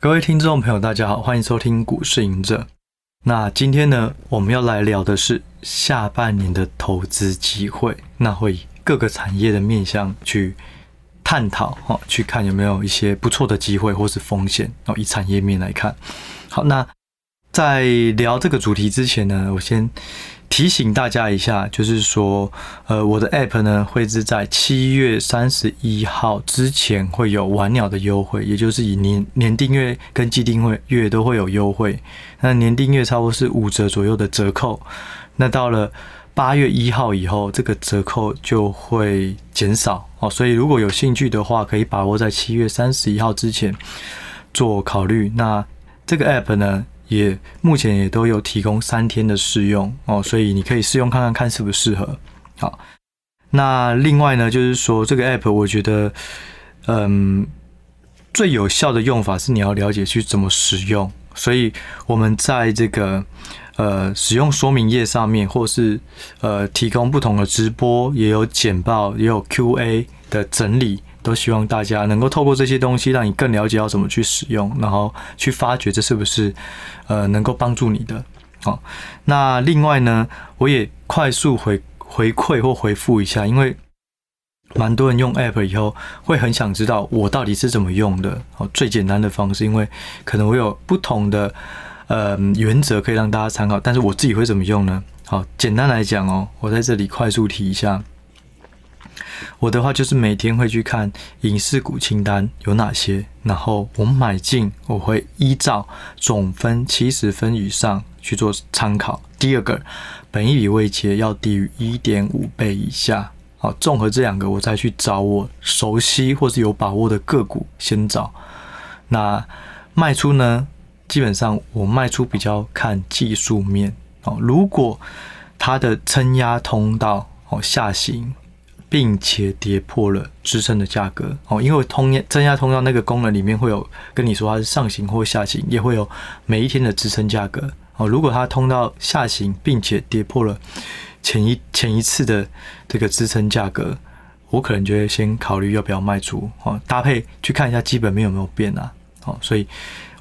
各位聽眾朋友，大家好，歡迎收聽《股市隱者》。那今天呢，我們要來聊的是下半年的投資機會。那會以各個產業的面向去探討哈，去看有沒有一些不錯的機會或是風險。哦，以產業面來看，好，那在聊這個主題之前呢，我先。提醒大家一下，就是說，呃，我的 App 呢會是在七月三十一號之前會有晚鳥的優惠，也就是以年年訂閱跟季訂閱月，月都會有優惠。那年訂閱差不多是五折左右的折扣。那到了八月一號以後，這個折扣就會減少哦。所以如果有興趣的話，可以把握在七月三十一號之前做考慮。那這個 App 呢，也目前也都有提供三天的試用哦，所以你可以試用看看看適不適合。好，那另外呢，就是說這個 app，我覺得，嗯，最有效的用法是你要了解去怎麼使用，所以我們在這個呃使用說明頁上面，或是呃提供不同的直播，也有簡報，也有 Q&A 的整理。都希望大家能夠透過這些東西，讓你更了解要怎麼去使用，然後去發掘這是不是呃能夠幫助你的。好、喔，那另外呢，我也快速回回饋或回復一下，因為蠻多人用 APP 以後會很想知道我到底是怎麼用的。好、喔，最簡單的方式，因為可能我有不同的呃原則可以讓大家參考，但是我自己會怎麼用呢？好、喔，簡單來講哦、喔，我在這裡快速提一下。我的話就是每天會去看贏勢股清單有哪些，然後我買進，我會依照總分七十分以上去做參考。第二個，本益比位階要低於一點五倍以下。好，綜合這兩個，我再去找我熟悉或是有把握的個股先找。那賣出呢？基本上我賣出比較看技術面哦，如果它的撐壓通道哦下行，並且跌破了支撐的價格哦，因為我通增加通道那個功能裡面會有跟你說它是上行或下行，也會有每一天的支撐價格哦。如果它通道下行，併且跌破了前一前一次的這個支撐價格，我可能就會先考慮要不要賣出哦，搭配去看一下基本面有沒有變啊。好、哦，所以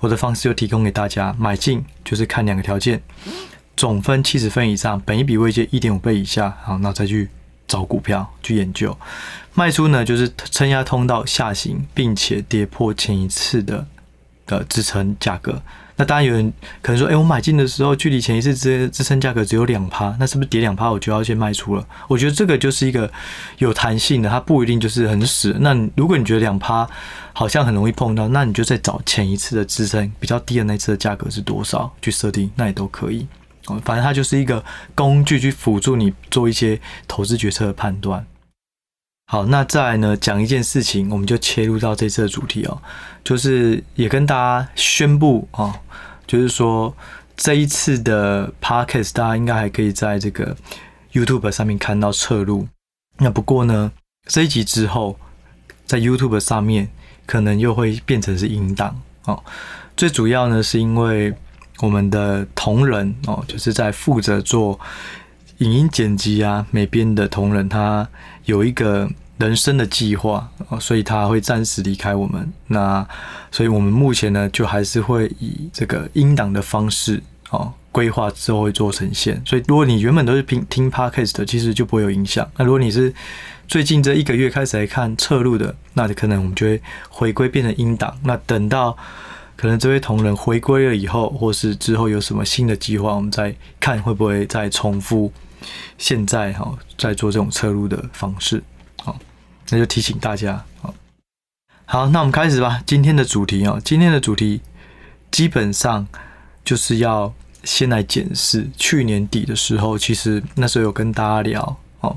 我的方式就提供給大家，買進就是看兩個條件，總分七十分以上，本益比未借一點五倍以下。好，那再去。找股票去研究，賣出呢就是撐壓通道下行，並且跌破前一次的的支撐價格。那當然有人可能說，哎、欸，我買進的時候距離前一次的支支撐價格只有兩趴，那是不是跌兩趴我就要先賣出了？我覺得這個就是一個有彈性的，它不一定就是很死。那如果你覺得兩趴好像很容易碰到，那你就再找前一次的支撐比較低的那次的價格是多少去設定，那也都可以。反正它就是一個工具，去輔助你做一些投資決策的判斷。好，那再來呢，講一件事情，我們就切入到這次的主題哦，就是也跟大家宣布啊、哦，就是說這一次的 Podcast 大家應該還可以在這個 YouTube 上面看到側錄。那不過呢，這一集之後，在 YouTube 上面可能又會變成是音檔哦。最主要呢，是因為。我們的同仁哦，就是在負責做影音剪輯啊，美編的同仁，他有一個人生的計劃哦，所以他會暫時離開我們。那所以我們目前呢，就還是會以這個音檔的方式哦，規劃之後會做呈現。所以如果你原本都是聽聽 podcast 的，其實就不會有影響。那如果你是最近這一個月開始來看側錄的，那可能我們就會回歸變成音檔。那等到。可能這位同仁回歸了以後，或是之後有什麼新的計劃，我們再看會不會再重複現在哈、哦，再做這種切入的方式。好，那就提醒大家。好好，那我們開始吧。今天的主題啊、哦，今天的主題基本上就是要先來檢視去年底的時候，其實那時候有跟大家聊哦，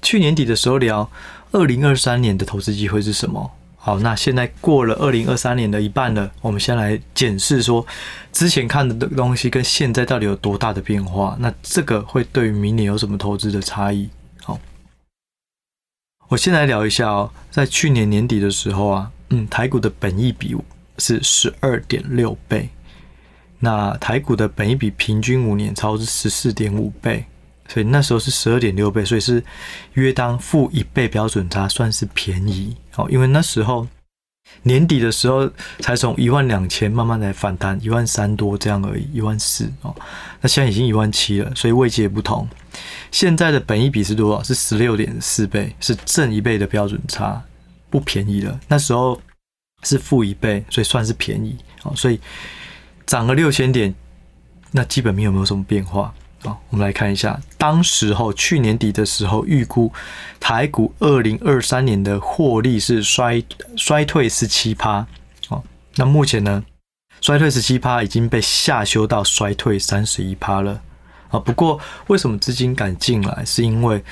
去年底的時候聊二零二三年的投資機會是什麼？好，那現在過了二零二三年的一半了，我們先來檢視說，之前看的東西跟現在到底有多大的變化？那這個會對於明年有什麼投資的差異？好，我先來聊一下哦，在去年年底的時候啊，嗯，台股的本益比是十二點六倍，那台股的本益比平均五年超是十四點五倍，所以那時候是十二點六倍，所以是約當負一倍標準差，算是便宜。哦，因為那時候年底的時候才從一萬兩千慢慢來反彈，一萬三多這樣而已，一萬四哦。那現在已經一萬七了，所以位階也不同。現在的本益比是多少？是十六點四倍，是正一倍的標準差，不便宜的。那時候是負一倍，所以算是便宜。哦。所以漲了六千點，那基本面有沒有什麼變化？好、哦，我們來看一下，當時候去年底的時候預估台股二零二三年的獲利是衰衰退十七趴，那目前呢，衰退十七趴已經被下修到衰退三十一趴了，啊、哦，不過為什麼資金敢進來，是因為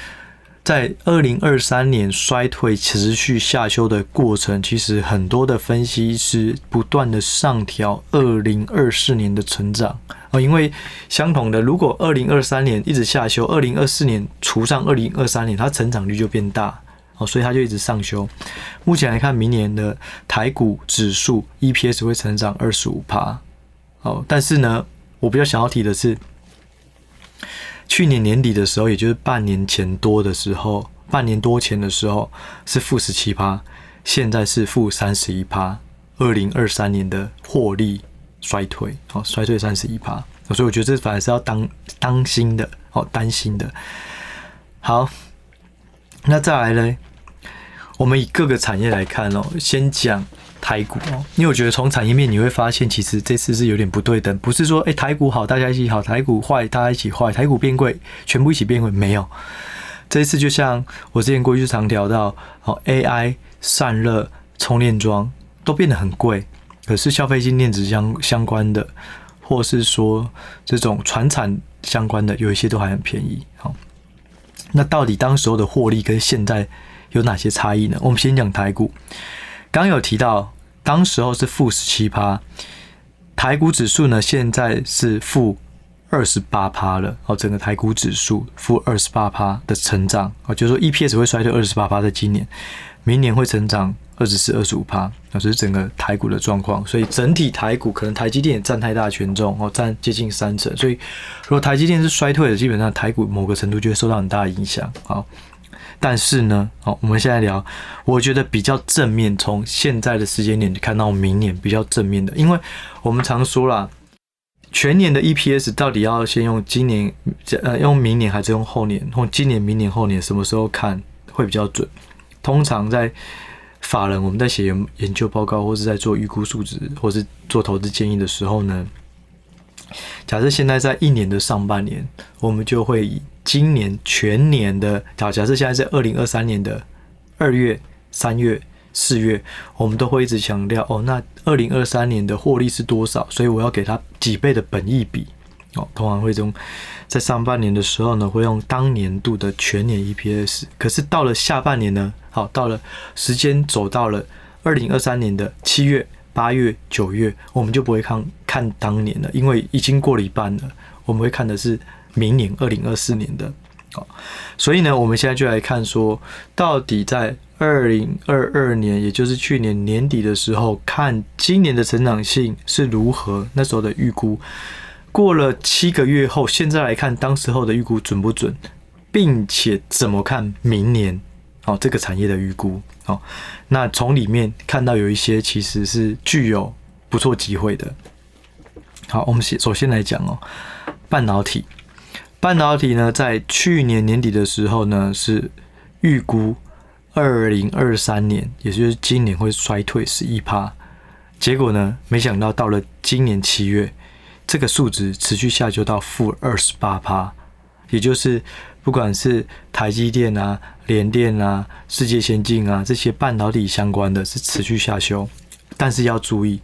在二零二三年衰退持續下修的過程，其實很多的分析師不斷的上調二零二四年的成長。因為相同的，如果二零二三年一直下修，二零二四年除上二零二三年，它成長率就變大哦，所以它就一直上修。目前來看，明年的台股指數 EPS 會成長二十五趴。哦，但是呢，我比較想要提的是，去年年底的時候，也就是半年前多的時候，半年多前的時候是負十七趴，現在是負三十一趴。二零二三年的獲利。衰退，哦，衰退三十一趴，所以我覺得這反而是要當當心的，哦，擔心的。好，那再來呢？我們以各個產業來看哦，先講台股哦，因為我覺得從產業面你會發現，其實這次是有點不對等，不是說誒、欸，台股好大家一起好，台股壞大家一起壞，台股變貴全部一起變貴，沒有。這一次就像我之前過去常聊到，好、哦、AI 散熱、充電樁都變得很貴。可是消費性電子相相關的，或是說這種傳產相關的，有一些都還很便宜。好，那到底當時候的獲利跟現在有哪些差異呢？我們先講台股，剛有提到當時候是負十七趴，台股指數呢，現在是負二十八趴了。哦，整個台股指數負二十八趴的成長，哦，就是說 EPS 會衰退二十八趴，在今年，明年會成長。二十四、二十五趴，那、就是整個台股的狀況，所以整體台股可能台積電也佔太大的權重，哦，佔接近三成。所以如果台積電是衰退的，基本上台股某個程度就會受到很大影響。好，但是呢，好，我們現在聊，我覺得比較正面，從現在的時間點看到明年比較正面的，因為我們常說啦，全年的 EPS 到底要先用今年，呃，用明年還是用後年？或今年、明年、後年什麼時候看會比較準？通常在。法人我們在寫研究報告，或是在做預估數值，或是做投資建議的時候呢，假設現在在一年的上半年，我們就會以今年全年的，假，假設現在是二零二三年的二月、三月、四月，我們都會一直強調哦，那二零二三年的獲利是多少？所以我要給他幾倍的本益比。哦、同花會中，在上半年的時候呢，會用當年度的全年 EPS。可是到了下半年呢，好，到了時間走到了二零二三年的七月、八月、九月，我們就不會看看當年了，因為已經過了一半了。我們會看的是明年二零二四年的。好、哦，所以呢，我們現在就來看說，到底在二零二二年，也就是去年年底的時候，看今年的成長性是如何，那時候的預估。過了七個月後，現在來看當時候的預估準不準，並且怎麼看明年哦這個產業的預估哦，那從裡面看到有一些其實是具有不錯機會的。好，我們先首先來講哦，半導體，半導體呢在去年年底的時候呢是預估二零二三年，也就是今年會衰退十一趴，結果呢沒想到到了今年七月，這個數值持續下修到負二十八帕，也就是不管是台積電啊、聯電啊、世界先進啊這些半導體相關的是持續下修。但是要注意，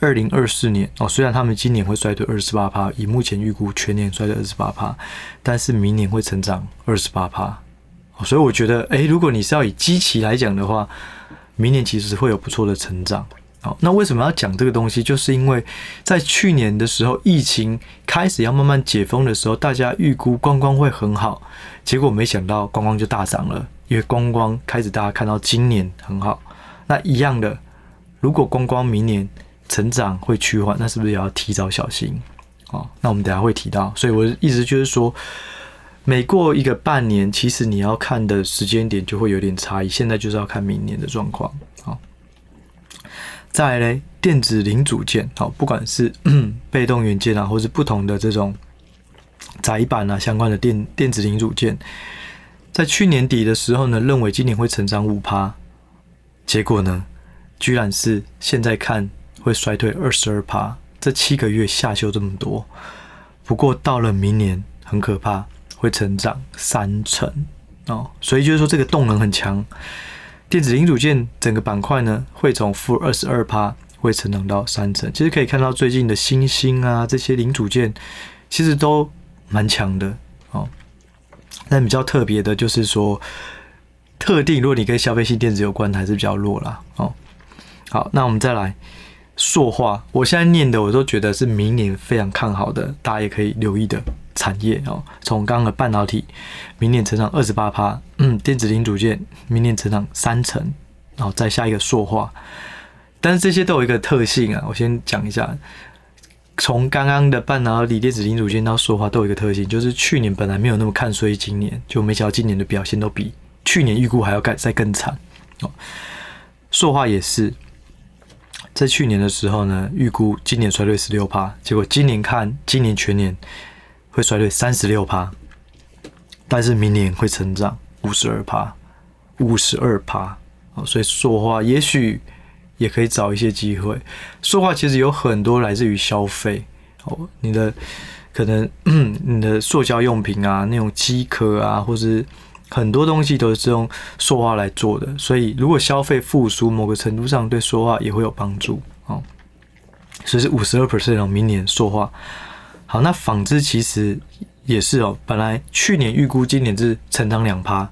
二零二四年哦，雖然他們今年會衰退二十八帕，以目前預估全年衰退二十八帕，但是明年會成長二十八帕哦。所以我覺得，誒，如果你是要以機器來講的話，明年其實會有不錯的成長。好，那為什麼要講這個東西？就是因為，在去年的時候，疫情開始要慢慢解封的時候，大家預估觀光會很好，結果沒想到觀光就大漲了，因為觀光開始大家看到今年很好。那一樣的，如果觀光明年成長會趨緩，那是不是也要提早小心？好，那我們等下會提到。所以我的意思就是說，每過一個半年，其實你要看的時間點就會有點差異。現在就是要看明年的狀況。再來嘞，電子零組件，好，不管是呵呵被動元件啊，或是不同的這種載板，啊相關的電電子零組件，在去年底的時候呢，認為今年會成長五趴，結果呢，居然是現在看會衰退二十二趴，這七個月下修這麼多。不過到了明年，很可怕，會成長三成哦，所以就是說，這個動能很強。電子零組件整個板塊呢，會從負二十二趴會成長到三成。其實可以看到最近的新興啊，這些零組件其實都蠻強的哦。但比較特別的就是說，特定如果你跟消費性電子有關還是比較弱啦，哦。好，那我們再來塑化。我現在念的我都覺得是明年非常看好的，大家也可以留意的。產業，哦，從剛剛的半導體明年成長二十八趴，嗯，電子零組件明年成長三成，然後、哦、再下一個塑化，但是這些都有一個特性啊，我先講一下，從剛剛的半導體、電子零組件到塑化都有一個特性，就是去年本來沒有那麼看衰，今年就沒想到今年的表現都比去年預估還要再更慘、哦。塑化也是，在去年的時候呢，預估今年衰退十六趴，結果今年看今年全年。會衰退三十六趴，但是明年會成長五十二趴，五十二趴。好，所以塑化也許也可以找一些機會。塑化其實有很多來自於消費，哦，你的可能你的塑膠用品啊，那種機殼啊，或是很多東西都是用塑化來做的。所以如果消費復甦，某個程度上對塑化也會有幫助哦。所以是五十二 percent，明年塑化。好，那紡織其實也是哦，本來去年預估今年是成長兩趴，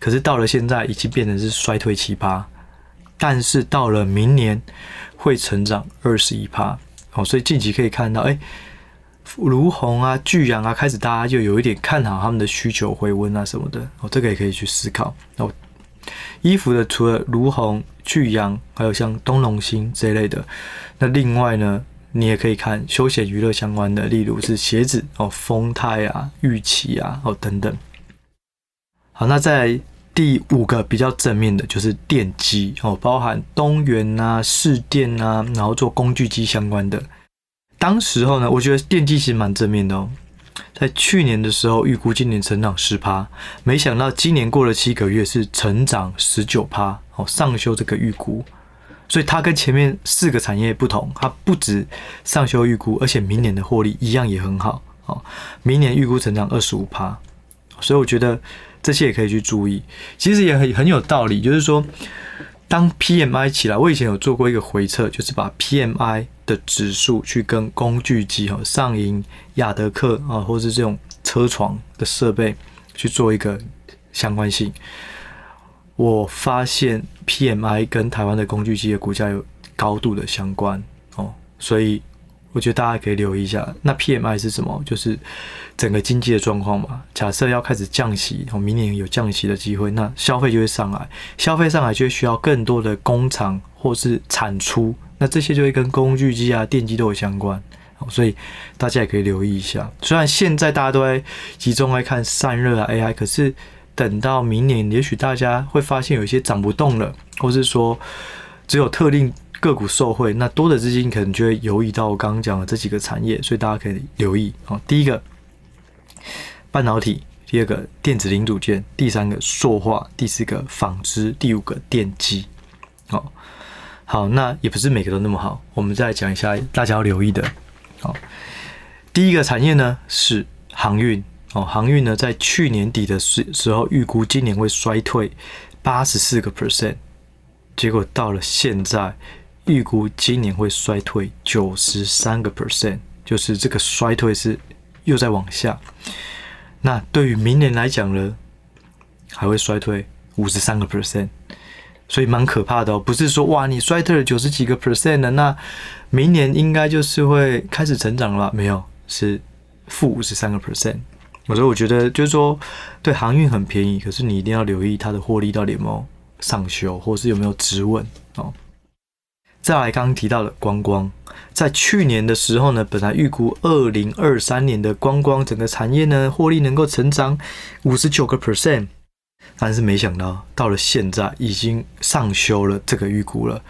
可是到了現在已經變成是衰退七趴，但是到了明年會成長二十一趴，哦，所以近期可以看到，哎，儒鴻啊、聚陽啊，開始大家就有一點看好他們的需求回溫啊什麼的，哦，這個也可以去思考。哦，衣服的除了儒鴻、聚陽，還有像東隆興這一類的，那另外呢？你也可以看休閒娛樂相關的，例如是鞋子哦、風胎啊、玉器啊、哦等等。好，那再來第五個比較正面的，就是電機哦，包含東元啊、士電啊，然後做工具機相關的。當時候呢，我覺得電機其實蠻正面的哦。在去年的時候預估今年成長十趴，沒想到今年過了七個月是成長十九趴，哦，上修這個預估。所以它跟前面四個產業不同，它不止上修預估，而且明年的獲利一樣也很好。明年預估成長二十五趴，所以我覺得這些也可以去注意。其實也很很有道理，就是說當 PMI 起來，我以前有做過一個回測，就是把 PMI 的指數去跟工具機，上銀、亞德客啊，或者是這種車床的設備去做一個相關性。我發現 P M I 跟台灣的工具機的股價有高度的相關哦，所以我覺得大家可以留意一下。那 P M I 是什麼？就是整個經濟的狀況嘛。假設要開始降息，哦，明年有降息的機會，那消費就會上來，消費上來就需要更多的工廠或是產出，那這些就會跟工具機啊、電機都有相關，哦，所以大家也可以留意一下。雖然現在大家都在集中在看散熱啊、A I，可是。等到明年，也許大家會發現有一些漲不動了，或是說只有特定個股受惠，那多的資金可能就會遊移到我剛剛講的這幾個產業，所以大家可以留意哦。第一個，半導體；第二個，電子零組件；第三個，塑化；第四個，紡織；第五個，電機。好，好，那也不是每個都那麼好，我們再講一下大家要留意的。好，第一個產業呢是航運。哦，航運呢，在去年底的時時候預估今年會衰退八十四個 percent，結果到了現在預估今年會衰退九十三個 percent，就是這個衰退是又在往下。那對於明年來講呢，還會衰退五十三個 percent，所以蠻可怕的哦。不是說哇，你衰退了九十幾個 percent 了，那明年應該就是會開始成長了吧？沒有，是負五十三個 percent。可是我覺得就是說，對航運很便宜，可是你一定要留意它的獲利到底有沒有上修，或是有沒有質問哦。再來，剛剛提到的觀光，在去年的時候呢，本來預估二零二三年的觀光整個產業呢，獲利能夠成長五十九個 percent，但是沒想到到了現在已經上修了這個預估了，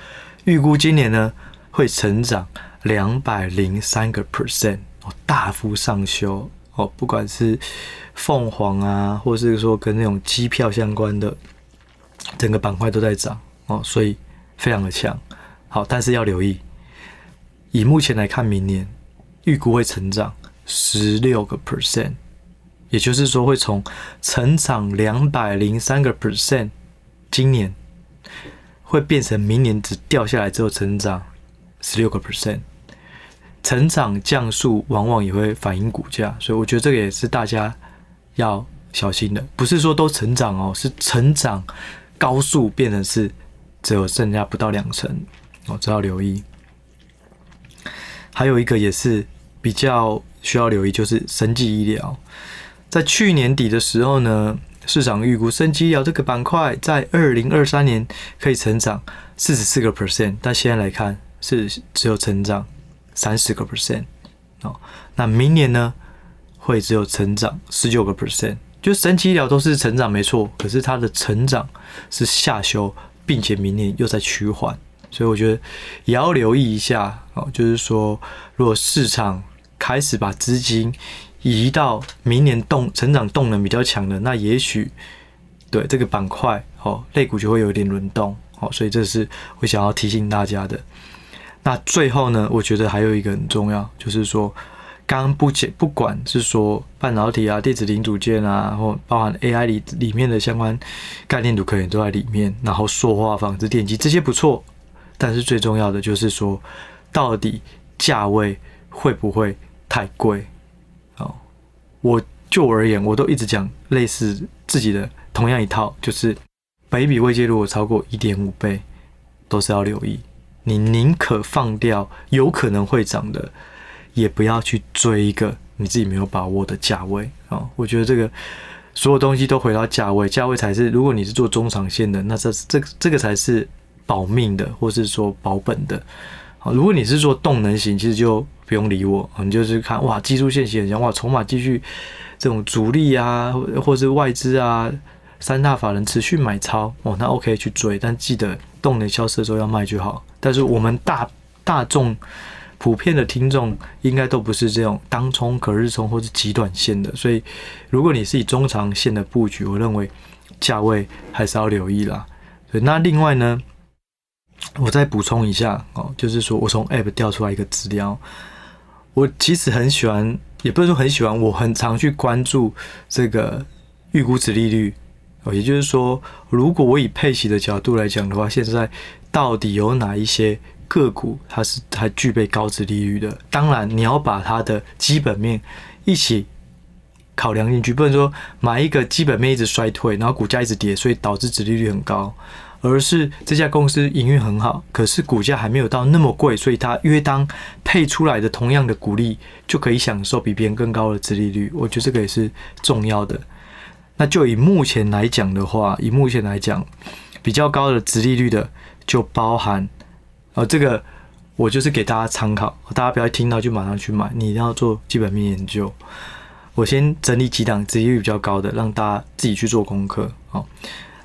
預估今年呢會成長兩百零三個 percent，大幅上修。哦，不管是鳳凰啊，或者是說跟那種機票相關的，整個板塊都在漲哦，所以非常的強。好，但是要留意，以目前來看，明年預估會成長十六個 percent，也就是說會從成長兩百零三個 percent，今年會變成明年只掉下來之後成長十六個 percent。成長降速往往也會反映股價，所以我覺得這個也是大家要小心的。不是說都成長哦，是成長高速變成是只有剩下不到兩成我需、哦、要留意。還有一個也是比較需要留意，就是生技醫療。在去年底的時候呢，市場預估生技醫療這個板塊在二零二三年可以成長四十四個 percent，但現在來看是只有成長。三十個 percent 那明年呢會只有成長十九個 percent，就神奇醫療都是成長沒錯，可是它的成長是下修，並且明年又在趨緩，所以我覺得也要留意一下哦。就是說，如果市場開始把資金移到明年動成長動能比較強的，那也許對這個板塊哦類股就會有點輪動哦，所以這是我想要提醒大家的。那最後呢，我覺得還有一個很重要，就是說，剛不解不管是說半導體啊、電子零組件啊,然後包含 AI 裡裡面的相關概念，都可以都在裡面。然後說話，塑化紡織電機這些不錯，但是最重要的就是說，到底價位會不會太貴？哦，我就我而言，我都一直講類似自己的同樣一套，就是倍比位階如果超過一點五倍，都是要留意。你寧可放掉有可能會漲的，也不要去追一個你自己沒有把握的價位啊！好，我覺得這個所有東西都回到價位，價位才是。如果你是做中長線的，那這這這個才是保命的，或是說保本的。好。如果你是做動能型，其實就不用理我，你就是看哇，技術線型講哇，籌碼繼續這種主力啊或，或是外資啊。三大法人持續買超哦，那 OK 去追，但記得動能消失之後要賣就好。但是我們大大眾普遍的聽眾應該都不是這種當沖、隔日沖或是極短線的，所以如果你是以中長線的布局，我認為價位還是要留意啦。對，那另外呢，我再補充一下哦，就是說我從 App 調出來一個資料，我其實很喜歡，也不是說很喜歡，我很常去關注這個預估殖利率。哦，也就是說，如果我以配息的角度來講的話，現在到底有哪一些個股它是還具備高殖利率的？當然，你要把它的基本面一起考量進去，不能說買一個基本面一直衰退，然後股價一直跌，所以導致殖利率很高，而是這家公司營運很好，可是股價還沒有到那麼貴，所以它約當配出來的同樣的股利就可以享受比別人更高的殖利率。我覺得這個也是重要的。那就以目前來講的話，以目前來講比較高的殖利率的，就包含，呃、哦，這個我就是給大家參考，大家不要聽到就馬上去買，你要做基本面研究。我先整理幾檔殖利率比較高的，讓大家自己去做功課。哦，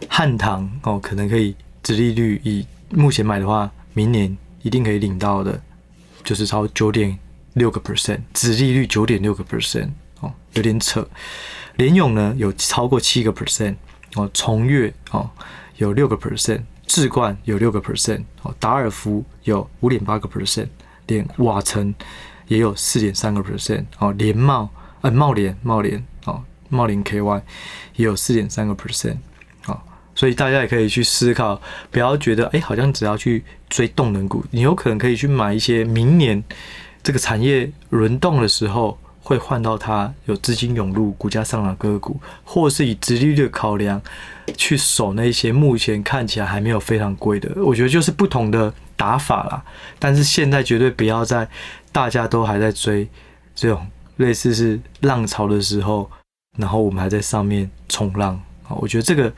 漢唐哦，可能可以殖利率以目前買的話，明年一定可以領到的，就是超九點六個 percent，殖利率九點六個 percent。有點扯，聯詠呢有超過七個 percent 哦，崇越哦有六個 percent，智冠有六個 percent 哦，達爾膚有五點八個 percent，連瓦城也有四點三個 percent 哦，聯茂，啊茂林茂林哦茂林 KY 也有四點三個 percent 啊、哦，所以大家也可以去思考，不要覺得哎、欸、好像只要去追動能股，你有可能可以去買一些明年這個產業輪動的時候。會換到它有資金湧入、股價上漲個股，或是以殖利率的考量去守那些目前看起來還沒有非常貴的。我覺得就是不同的打法啦。但是現在絕對不要在大家都還在追這種類似是浪潮的時候，然後我們還在上面衝浪啊！我覺得這個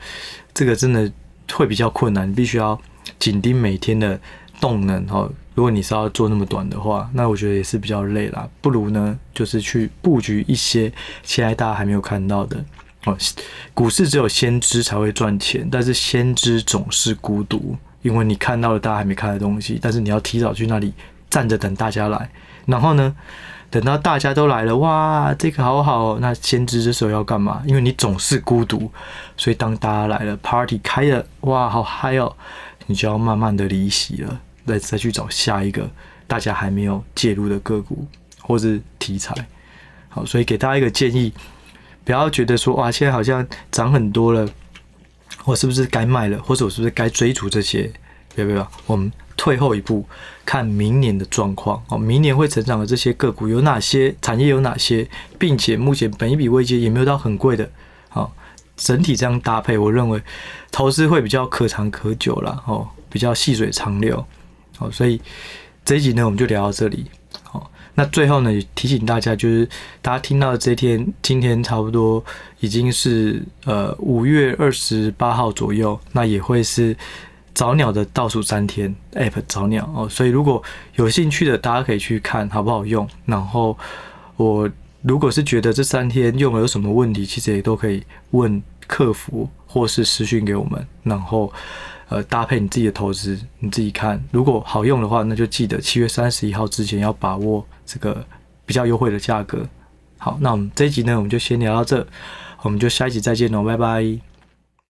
這個真的會比較困難，必須要緊盯每天的動能如果你是要做那麼短的話，那我覺得也是比較累啦，不如呢，就是去布局一些現在大家還沒有看到的哦。股市只有先知才會賺錢，但是先知總是孤獨，因為你看到了大家還沒看的東西，但是你要提早去那裡站着等大家來，然後呢，等到大家都來了，哇，這個好好，那先知這時候要幹嘛？因為你總是孤獨，所以當大家來了，party 開了，哇，好嗨哦，你就要慢慢的離席了。再再去找下一個大家還沒有介入的個股或是題材，好，所以給大家一個建議，不要覺得說，哇，現在好像漲很多了，我是不是該賣了，或者我是不是該追逐這些？不要不要，我們退後一步，看明年的狀況。哦，明年會成長的這些個股有哪些？產業有哪些？並且目前本益比位階也沒有到很貴的，好，整體這樣搭配，我認為投資會比較可長可久了哦，比較細水長流。好，所以這一集呢，我們就聊到這裡。好，那最後呢，也提醒大家，就是大家聽到的這一天，今天差不多已經是呃五月二十八號左右，那也會是早鳥的倒數三天。App 早鳥哦，所以如果有興趣的，大家可以去看好不好用。然後我如果是覺得這三天用了有什麼問題，其實也都可以問客服或是私訊給我們。然後。呃，搭配你自己的投資，你自己看。如果好用的話，那就記得七月三十一號之前要把握這個比較優惠的價格。好，那我們這一集呢，我們就先聊到這，我們就下一集再見嘍，拜拜。